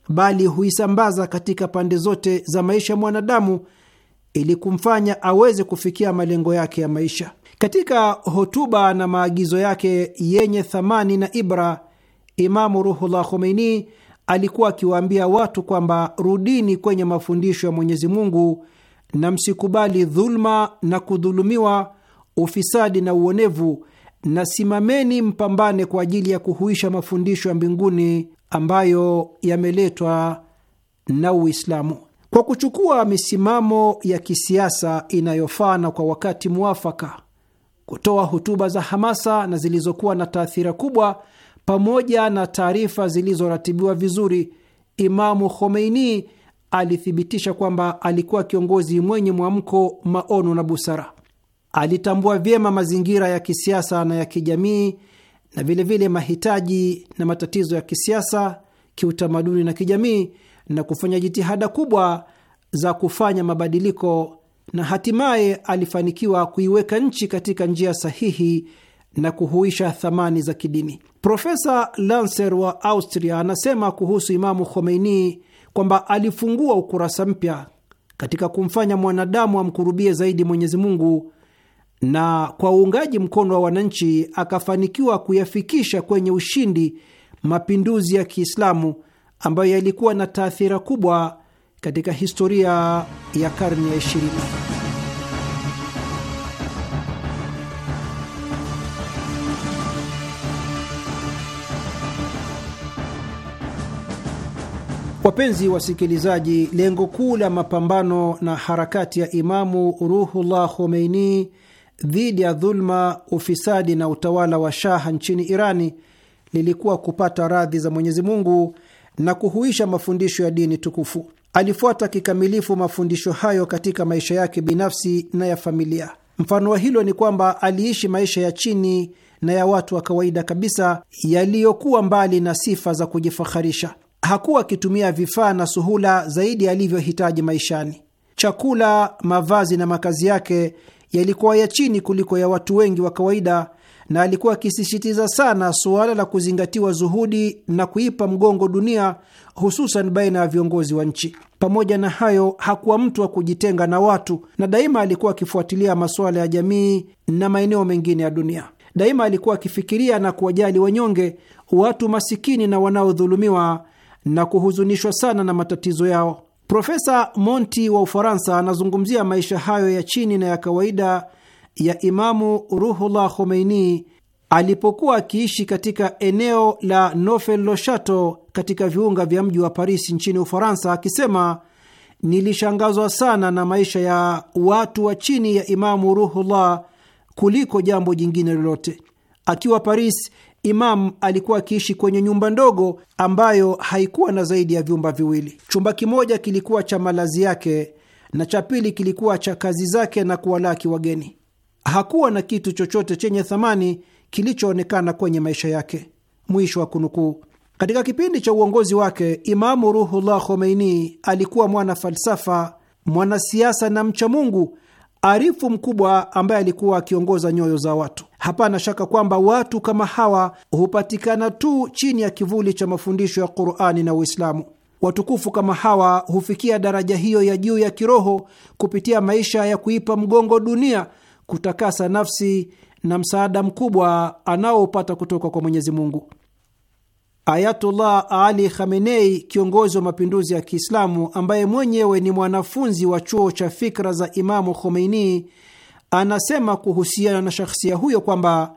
bali huisambaza katika pande zote za maisha ya mwanadamu ili kumfanya aweze kufikia malengo yake ya maisha. Katika hotuba na maagizo yake yenye thamani na ibra, Imamu Ruhullah Khomeini alikuwa akiwaambia watu kwamba rudini kwenye mafundisho ya Mwenyezi Mungu na msikubali dhuluma na kudhulumiwa, ufisadi na uonevu na simameni mpambane kwa ajili ya kuhuisha mafundisho ya mbinguni ambayo yameletwa na Uislamu. Kwa kuchukua misimamo ya kisiasa inayofaa na kwa wakati mwafaka, kutoa hotuba za hamasa na zilizokuwa na taathira kubwa, pamoja na taarifa zilizoratibiwa vizuri, Imamu Khomeini alithibitisha kwamba alikuwa kiongozi mwenye mwamko, maono na busara. Alitambua vyema mazingira ya kisiasa na ya kijamii na vilevile vile mahitaji na matatizo ya kisiasa, kiutamaduni na kijamii na kufanya jitihada kubwa za kufanya mabadiliko na hatimaye alifanikiwa kuiweka nchi katika njia sahihi na kuhuisha thamani za kidini. Profesa Lancer wa Austria anasema kuhusu Imamu Khomeini kwamba alifungua ukurasa mpya katika kumfanya mwanadamu amkurubie zaidi Mwenyezi Mungu na kwa uungaji mkono wa wananchi akafanikiwa kuyafikisha kwenye ushindi mapinduzi ya Kiislamu ambayo yalikuwa na taathira kubwa katika historia ya karne ya ishirini. Wapenzi wasikilizaji, lengo kuu la mapambano na harakati ya Imamu Ruhullah Khomeini dhidi ya dhuluma, ufisadi na utawala wa shaha nchini Irani lilikuwa kupata radhi za Mwenyezi Mungu na kuhuisha mafundisho ya dini tukufu. Alifuata kikamilifu mafundisho hayo katika maisha yake binafsi na ya familia. Mfano wa hilo ni kwamba aliishi maisha ya chini na ya watu wa kawaida kabisa yaliyokuwa mbali na sifa za kujifaharisha. Hakuwa akitumia vifaa na suhula zaidi alivyohitaji maishani. Chakula, mavazi na makazi yake yalikuwa ya chini kuliko ya watu wengi wa kawaida, na alikuwa akisisitiza sana suala la kuzingatiwa zuhudi na kuipa mgongo dunia, hususan baina ya viongozi wa nchi. Pamoja na hayo, hakuwa mtu wa kujitenga na watu, na daima alikuwa akifuatilia masuala ya jamii na maeneo mengine ya dunia. Daima alikuwa akifikiria na kuwajali wanyonge, watu masikini na wanaodhulumiwa, na kuhuzunishwa sana na matatizo yao. Profesa Monti wa Ufaransa anazungumzia maisha hayo ya chini na ya kawaida ya Imamu Ruhullah Khomeini alipokuwa akiishi katika eneo la Nofel Loshato katika viunga vya mji wa Paris nchini Ufaransa, akisema nilishangazwa sana na maisha ya watu wa chini ya Imamu Ruhullah kuliko jambo jingine lolote. Akiwa Paris, Imam alikuwa akiishi kwenye nyumba ndogo ambayo haikuwa na zaidi ya vyumba viwili. Chumba kimoja kilikuwa cha malazi yake na cha pili kilikuwa cha kazi zake na kuwalaki wageni. Hakuwa na kitu chochote chenye thamani kilichoonekana kwenye maisha yake. Mwisho wa kunukuu. Katika kipindi cha uongozi wake, Imamu Ruhullah Khomeini alikuwa mwana falsafa, mwanasiasa na mcha Mungu arifu mkubwa ambaye alikuwa akiongoza nyoyo za watu. Hapana shaka kwamba watu kama hawa hupatikana tu chini ya kivuli cha mafundisho ya Qur'ani na Uislamu. Watukufu kama hawa hufikia daraja hiyo ya juu ya kiroho kupitia maisha ya kuipa mgongo dunia, kutakasa nafsi na msaada mkubwa anaopata kutoka kwa Mwenyezi Mungu. Ayatullah Ali Khamenei, kiongozi wa mapinduzi ya Kiislamu ambaye mwenyewe ni mwanafunzi wa chuo cha fikra za Imamu Khomeini, anasema kuhusiana na shakhsia huyo kwamba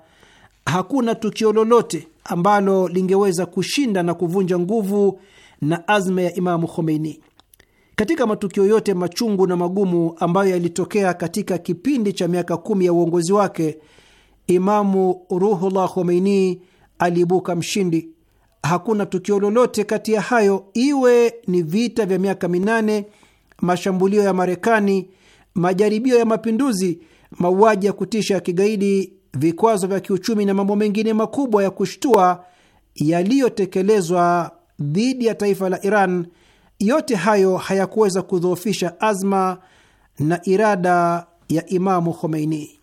hakuna tukio lolote ambalo lingeweza kushinda na kuvunja nguvu na azma ya Imamu Khomeini. Katika matukio yote machungu na magumu ambayo yalitokea katika kipindi cha miaka kumi ya uongozi wake, Imamu Ruhullah Khomeini aliibuka mshindi hakuna tukio lolote kati ya hayo, iwe ni vita vya miaka minane, mashambulio ya Marekani, majaribio ya mapinduzi, mauaji ya kutisha ya kigaidi, vikwazo vya kiuchumi na mambo mengine makubwa ya kushtua yaliyotekelezwa dhidi ya taifa la Iran, yote hayo hayakuweza kudhoofisha azma na irada ya Imamu Khomeini.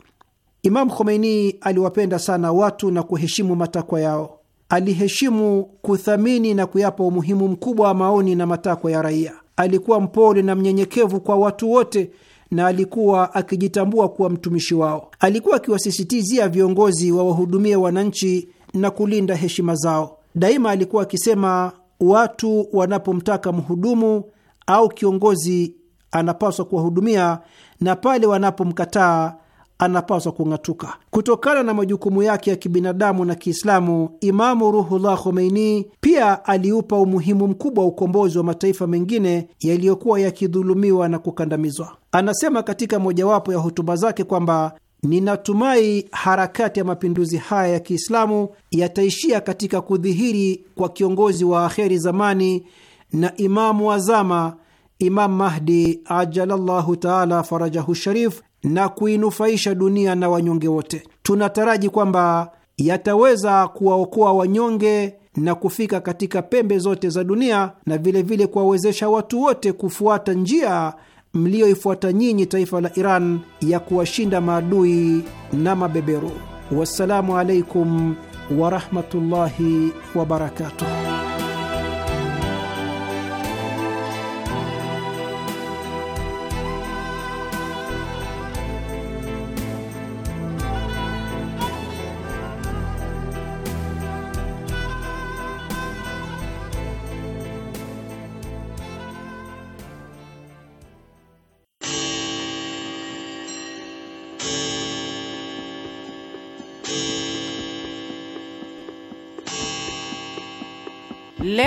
Imamu Khomeini aliwapenda sana watu na kuheshimu matakwa yao aliheshimu, kuthamini na kuyapa umuhimu mkubwa wa maoni na matakwa ya raia. Alikuwa mpole na mnyenyekevu kwa watu wote na alikuwa akijitambua kuwa mtumishi wao. Alikuwa akiwasisitizia viongozi wa wahudumia wananchi na kulinda heshima zao. Daima alikuwa akisema watu wanapomtaka mhudumu au kiongozi anapaswa kuwahudumia, na pale wanapomkataa anapaswa kung'atuka kutokana na majukumu yake ya kibinadamu na Kiislamu. Imamu Ruhullah Khomeini pia aliupa umuhimu mkubwa wa ukombozi wa mataifa mengine yaliyokuwa yakidhulumiwa na kukandamizwa. Anasema katika mojawapo ya hotuba zake kwamba Ninatumai harakati ya mapinduzi haya ya Kiislamu yataishia katika kudhihiri kwa kiongozi wa akheri zamani na imamu wazama Imamu Mahdi ajalallahu taala farajahu sharif, na kuinufaisha dunia na wanyonge wote. Tunataraji kwamba yataweza kuwaokoa wanyonge na kufika katika pembe zote za dunia na vilevile kuwawezesha watu wote kufuata njia mliyoifuata nyinyi, taifa la Iran, ya kuwashinda maadui na mabeberu. Wassalamu alaikum warahmatullahi wabarakatuh.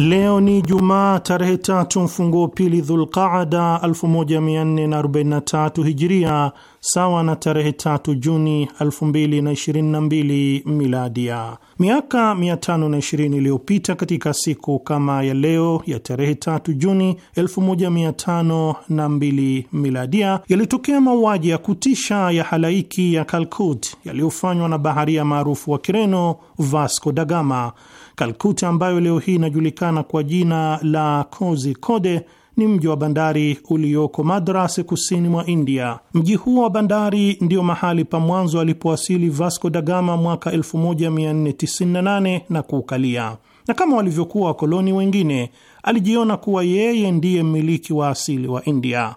Leo ni Jumaa tarehe tatu mfunguo pili Dhulqaada 1443 Hijiria, sawa na tarehe tatu Juni 2022 Miladia. Miaka 520 iliyopita katika siku kama ya leo ya tarehe tatu Juni 1502 Miladia, yalitokea mauaji ya kutisha ya halaiki ya Calcut yaliyofanywa na baharia maarufu wa Kireno Vasco da Gama Kalkuta ambayo leo hii inajulikana kwa jina la Kozhikode ni mji wa bandari ulioko Madras kusini mwa India. Mji huo wa bandari ndio mahali pa mwanzo alipowasili Vasco da Gama mwaka 1498 na kuukalia, na kama walivyokuwa wakoloni wengine, alijiona kuwa yeye ndiye mmiliki wa asili wa India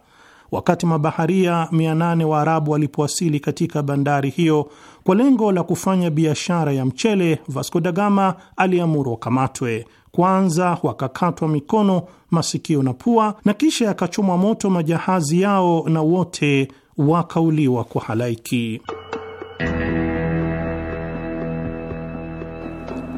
wakati mabaharia 800 wa Arabu walipowasili katika bandari hiyo kwa lengo la kufanya biashara ya mchele, Vasco da Gama aliamuru wakamatwe. Kwanza wakakatwa mikono, masikio na pua, na kisha yakachomwa moto majahazi yao na wote wakauliwa kwa halaiki.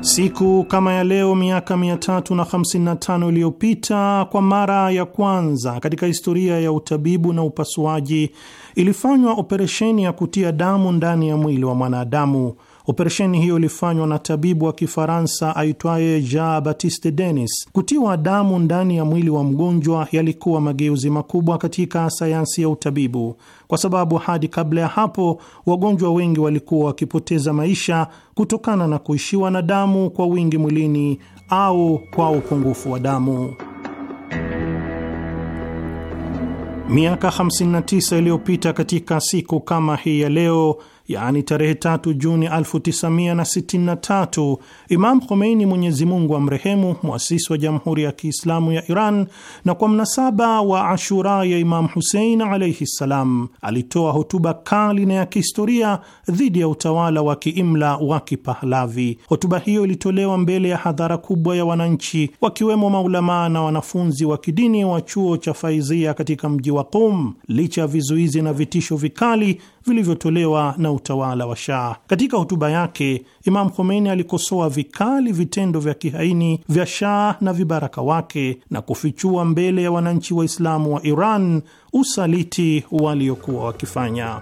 Siku kama ya leo miaka 355 iliyopita, kwa mara ya kwanza katika historia ya utabibu na upasuaji, ilifanywa operesheni ya kutia damu ndani ya mwili wa mwanadamu Operesheni hiyo ilifanywa na tabibu wa Kifaransa aitwaye Jean Baptiste Denis. Kutiwa damu ndani ya mwili wa mgonjwa yalikuwa mageuzi makubwa katika sayansi ya utabibu, kwa sababu hadi kabla ya hapo wagonjwa wengi walikuwa wakipoteza maisha kutokana na kuishiwa na damu kwa wingi mwilini au kwa upungufu wa damu. Miaka 59 iliyopita katika siku kama hii ya leo yaani tarehe tatu Juni 1963 Imam Khomeini, Mwenyezi Mungu amrehemu, mwasisi wa Jamhuri ya Kiislamu ya Iran, na kwa mnasaba wa Ashura ya Imam Husein alaihi ssalam, alitoa hotuba kali na ya kihistoria dhidi ya utawala wa kiimla wa Kipahlavi. Hotuba hiyo ilitolewa mbele ya hadhara kubwa ya wananchi, wakiwemo maulamaa na wanafunzi wa kidini wa chuo cha Faizia katika mji wa Qum, licha ya vizuizi na vitisho vikali vilivyotolewa na utawala wa Shah. Katika hotuba yake, Imam Khomeini alikosoa vikali vitendo vya kihaini vya Shah na vibaraka wake na kufichua mbele ya wananchi Waislamu wa Iran usaliti waliokuwa wakifanya.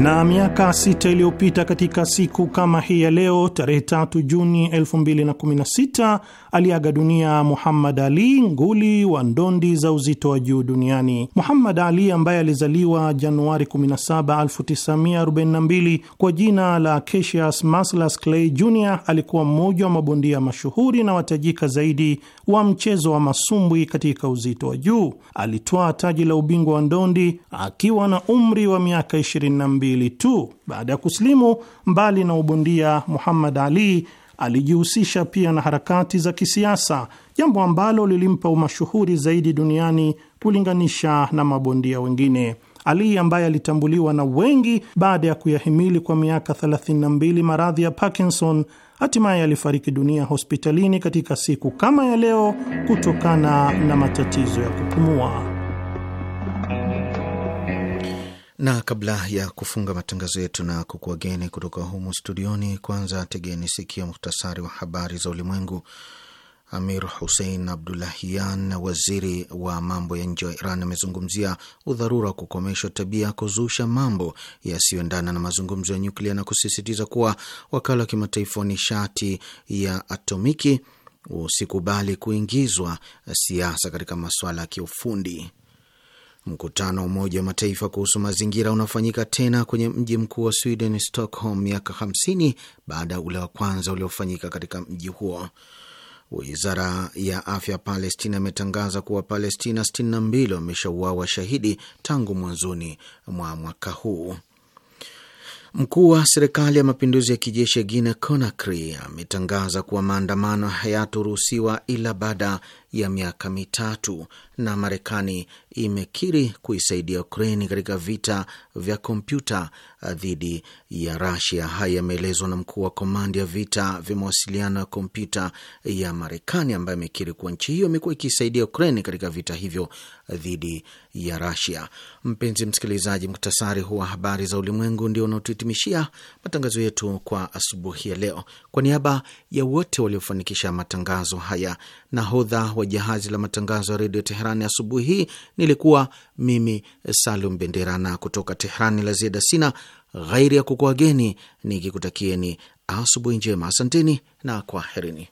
Na miaka sita iliyopita katika siku kama hii ya leo tarehe tatu Juni 2016 aliaga dunia Muhammad Ali, nguli wa ndondi za uzito wa juu duniani. Muhammad Ali ambaye alizaliwa Januari 17, 1942 kwa jina la Cassius Maslas Clay Jr alikuwa mmoja wa mabondia mashuhuri na watajika zaidi wa mchezo wa masumbwi katika uzito wa juu. Alitwaa taji la ubingwa wa ndondi akiwa na umri wa miaka 22 tu baada ya kusilimu. Mbali na ubondia, Muhammad Ali alijihusisha pia na harakati za kisiasa, jambo ambalo lilimpa umashuhuri zaidi duniani kulinganisha na mabondia wengine. Ali ambaye alitambuliwa na wengi baada ya kuyahimili kwa miaka 32 maradhi ya Parkinson, hatimaye alifariki dunia hospitalini katika siku kama ya leo kutokana na matatizo ya kupumua na kabla ya kufunga matangazo yetu na kukuageni kutoka humu studioni, kwanza tegeni sikia muhtasari wa habari za ulimwengu. Amir Hussein Abdullahian, waziri wa mambo ya nje wa Iran, amezungumzia udharura wa kukomeshwa tabia ya kuzusha mambo yasiyoendana na mazungumzo ya nyuklia na kusisitiza kuwa wakala wa kimataifa wa nishati ya atomiki usikubali kuingizwa siasa katika masuala ya kiufundi. Mkutano wa Umoja wa Mataifa kuhusu mazingira unafanyika tena kwenye mji mkuu wa Sweden, Stockholm, miaka 50 baada ya ule wa kwanza uliofanyika katika mji huo. Wizara ya afya ya Palestina imetangaza kuwa Palestina 62 wameshauawa shahidi tangu mwanzoni mwa mwaka huu. Mkuu wa serikali ya mapinduzi ya kijeshi ya Guinea Conakry ametangaza kuwa maandamano hayatoruhusiwa ila baada ya miaka mitatu, na Marekani imekiri kuisaidia Ukraini katika vita vya kompyuta uh, dhidi ya Rasia. Haya yameelezwa na mkuu wa komandi ya vita vya mawasiliano ya kompyuta ya Marekani, ambaye amekiri kuwa nchi hiyo imekuwa ikisaidia Ukraini katika vita hivyo dhidi ya Rasia. Mpenzi msikilizaji, muktasari huu wa habari za ulimwengu ndio unaotuhitimishia matangazo yetu kwa asubuhi ya leo. Kwa niaba ya wote waliofanikisha matangazo haya, nahodha wa jahazi la matangazo ya redio Teherani asubuhi hii nilikuwa mimi Salum bendera na kutoka Teherani. La ziada sina ghairi ya kukuageni nikikutakieni asubuhi njema. Asanteni na kwaherini.